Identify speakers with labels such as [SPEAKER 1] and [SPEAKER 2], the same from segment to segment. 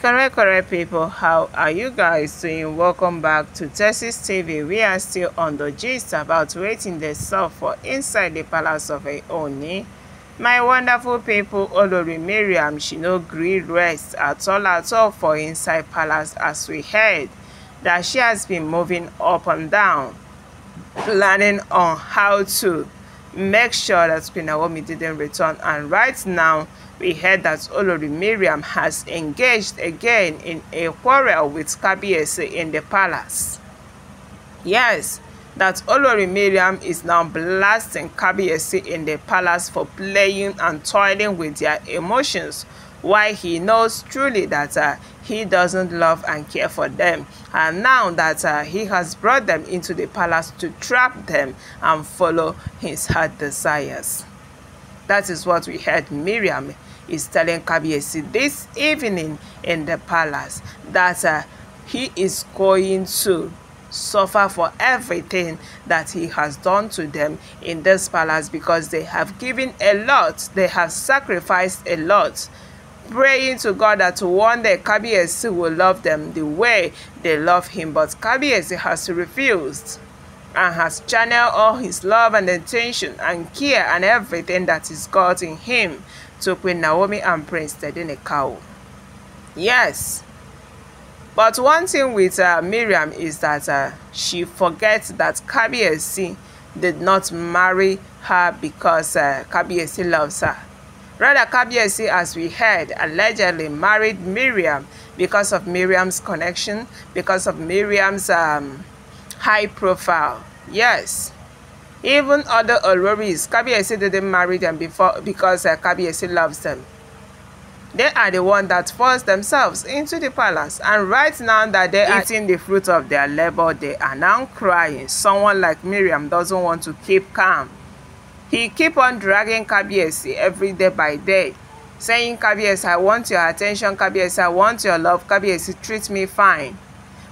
[SPEAKER 1] Correct, correct people, how are you guys doing? Welcome back to Texas TV. We are still on the gist about waiting the stuff for inside the palace of Ooni. My wonderful people, Olori Mariam, she no gree rest at all at all for inside palace as we heard that she has been moving up and down, planning on how to make sure that Queen Naomi didn't return. And right now, we heard that Olori Miriam has engaged again in a quarrel with Kabiese in the palace. Yes, that Olori Miriam is now blasting Kabiese in the palace for playing and toiling with their emotions why he knows truly that uh, he doesn't love and care for them. And now that uh, he has brought them into the palace to trap them and follow his heart desires. That is what we heard Miriam is telling Kabiesi this evening in the palace that uh, he is going to suffer for everything that he has done to them in this palace because they have given a lot, they have sacrificed a lot praying to God that one day Kabiesi will love them the way they love him. But Kabiesi has refused and has channeled all his love and attention and care and everything that is God in him to Queen Naomi and Prince Tedenekau. Yes. But one thing with uh, Miriam is that uh, she forgets that Kabiesi did not marry her because uh, loves her. Brother Kabiesi, as we heard, allegedly married Miriam because of Miriam's connection, because of Miriam's um, high profile. Yes. Even other Oloris, Kabiesi didn't marry them before because uh, Kabiesi loves them. They are the ones that forced themselves into the palace. And right now that they are eating the fruit of their labor, they are now crying. Someone like Miriam doesn't want to keep calm. He keep on dragging KBS every day by day, saying "KBS, I want your attention, KBS, I want your love, KBS, treat me fine.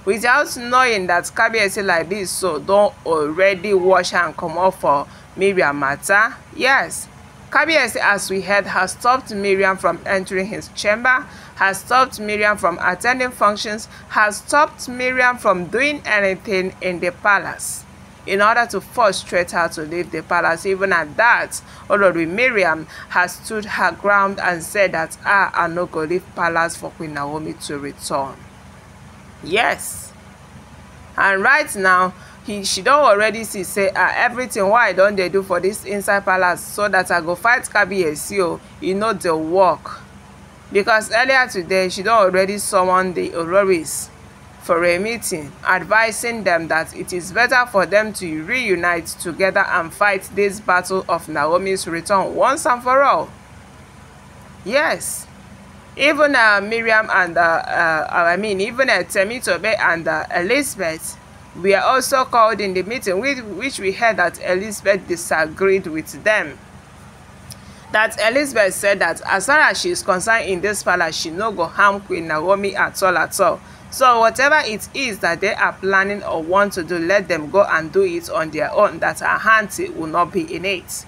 [SPEAKER 1] Without knowing that KBS like this so don't already wash and come comot for Miriam matter, yes. KBS, as we heard has stopped Miriam from entering his chamber, has stopped Miriam from attending functions, has stopped Miriam from doing anything in the palace in order to force Treta to leave the palace. Even at that, Olori Mariam has stood her ground and said that I am not going to leave palace for Queen Naomi to return. Yes. And right now, he she don't already see say ah everything Why don't they do for this inside palace so that i go fight kabiyesi o oh, you know the work because earlier today she don't already summon the oloris for a meeting, advising them that it is better for them to reunite together and fight this battle of Naomi's return once and for all. Yes, even uh, Miriam and, uh, uh, I mean, even uh, Temitobe and uh, Elizabeth we are also called in the meeting with which we heard that Elizabeth disagreed with them. That Elizabeth said that as far as she is concerned in this palace, she no go harm Queen Naomi at all at all. So whatever it is that they are planning or want to do, let them go and do it on their own that her hand will not be in it.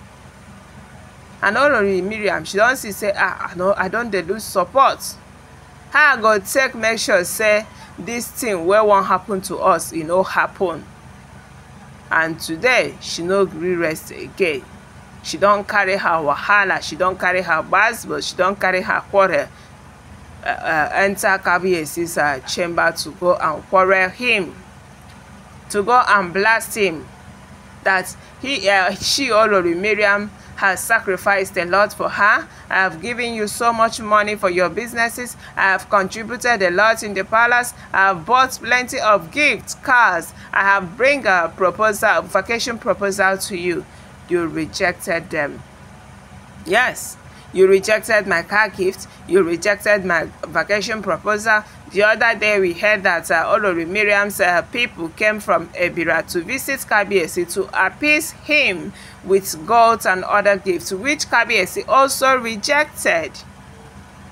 [SPEAKER 1] And Olori Miriam, she don't see say, ah, no, I don't. They lose support. How I go take make sure say this thing wey won't happen to us, You e know happen. And today, she no gree rest again. She don't carry her wahala, she don't carry her gbas but she don't carry her quarter. Uh, uh, enter Kabiesi's uh, chamber to go and quarrel him, to go and blast him, that he, uh, she, Olori Miriam, has sacrificed a lot for her. I have given you so much money for your businesses. I have contributed a lot in the palace. I have bought plenty of gifts, cars. I have bring a proposal, vacation proposal to you. You rejected them. Yes, You rejected my car gift. You rejected my vacation proposal. The other day we heard that uh, Olori Miriam's uh, people came from Ebira to visit Kabiesi to appease him with gold and other gifts, which Kabiesi also rejected.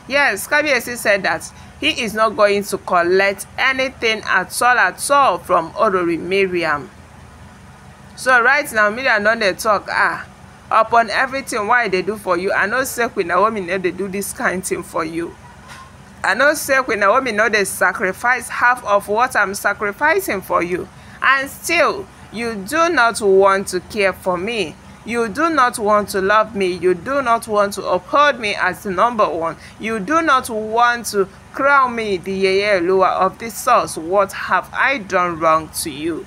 [SPEAKER 1] Yes, Kabiesi said that he is not going to collect anything at all at all from Olori Miriam. So right now, Miriam don dey talk, ah, upon everything why they do for you i know say queen naomi no they do this kind thing for you i know say queen naomi no they sacrifice half of what i'm sacrificing for you and still you do not want to care for me you do not want to love me you do not want to uphold me as the number one you do not want to crown me the yeye lower of this source what have i done wrong to you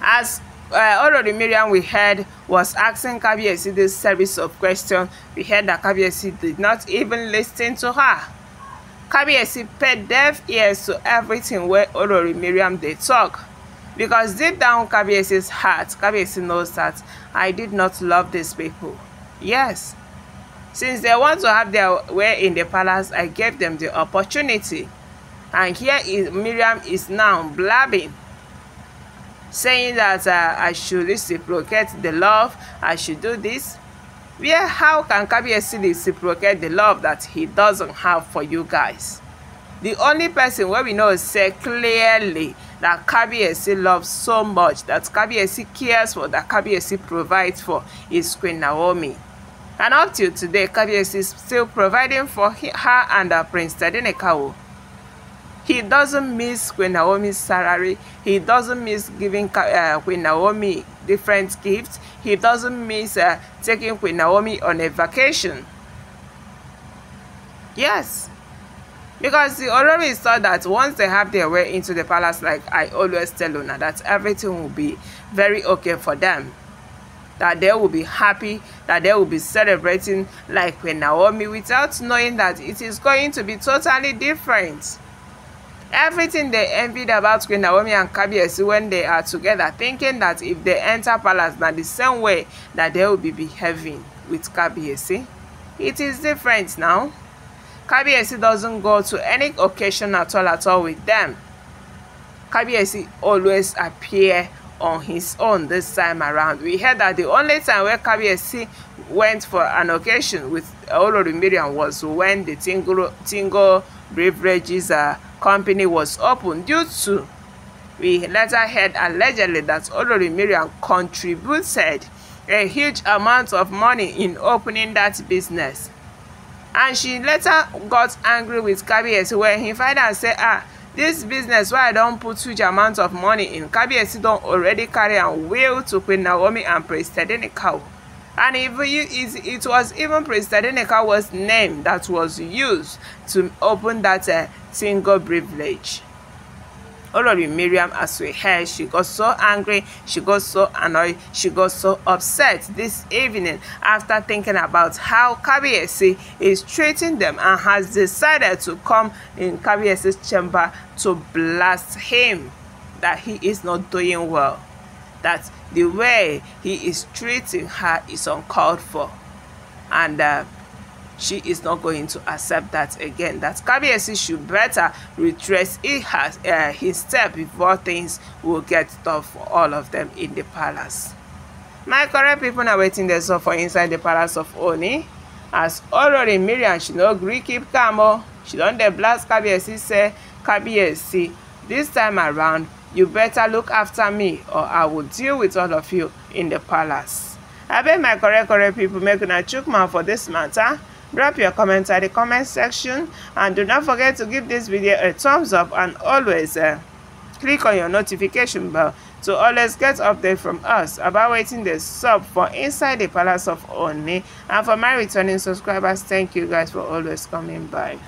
[SPEAKER 1] as uh, all Miriam we heard was asking Kabiyesi this series of questions. We heard that Kabiyesi did not even listen to her. Kabiyesi paid deaf ears to everything where already Miriam dey talk. Because deep down Kabiyesi's heart, Kabiyesi knows that I did not love these people. Yes. Since they want to have their way in the palace, I gave them the opportunity. And here is Miriam is now blabbing saying that uh, I should reciprocate the love, I should do this. Where, how can Kabiyesi reciprocate the love that he doesn't have for you guys? The only person where we know say clearly that Kabiyesi loves so much, that Kabiyesi cares for, that Kabiyesi provides for is Queen Naomi. And up till today, Kabiyesi is still providing for her and uh, Prince Tadenikawo. He doesn't miss Queen Naomi's salary. He doesn't miss giving uh, Queen Naomi different gifts. He doesn't miss uh, taking Queen Naomi on a vacation. Yes. Because he already saw that once they have their way into the palace, like I always tell Una, that everything will be very okay for them. That they will be happy, that they will be celebrating like Queen Naomi without knowing that it is going to be totally different. Everything they envied about Queen Naomi and Kabiyesi when they are together, thinking that if they enter palace, na the same way that they will be behaving with Kabiyesi. It is different now. Kabiyesi doesn't go to any occasion at all at all with them. Kabiyesi always appear on his own this time around. We heard that the only time where Kabiyesi went for an occasion with Olori was when the Tingo, Tingo beverages are uh, company was opened due to we later heard allegedly that Olori Miriam contributed a huge amount of money in opening that business. And she later got angry with Kabiyesi when he find out say, ah, this business why I don put huge amount of money in, Kabiyesi don't already carry am will to Queen Naomi and Prince Tedenikawo and if it, it was even President Enekawa's name that was used to open that uh, single privilege. Olori Miriam, as we heard, she got so angry, she got so annoyed, she got so upset this evening after thinking about how Kabiyesi is treating them and has decided to come in Kabiyesi's chamber to blast him that he is not doing well that the way he is treating her is uncalled for and uh, she is not going to accept that again that Kabiyesi should better retrace he has, uh, his step before things will get tough for all of them in the palace my correct people are waiting dey sup for inside the palace of Oni. as already Miriam, she no agree keep calm o oh. she don't dey blast Kabiyesi say Kabiyesi this time around You better look after me or I will deal with all of you in the palace. I beg my correct correct people make una chook mouth for this matter. Drop your comments at the comment section and do not forget to give this video a thumbs up and always uh, click on your notification bell to always get update from us about waiting the sub for inside the palace of Oni and for my returning subscribers thank you guys for always coming by.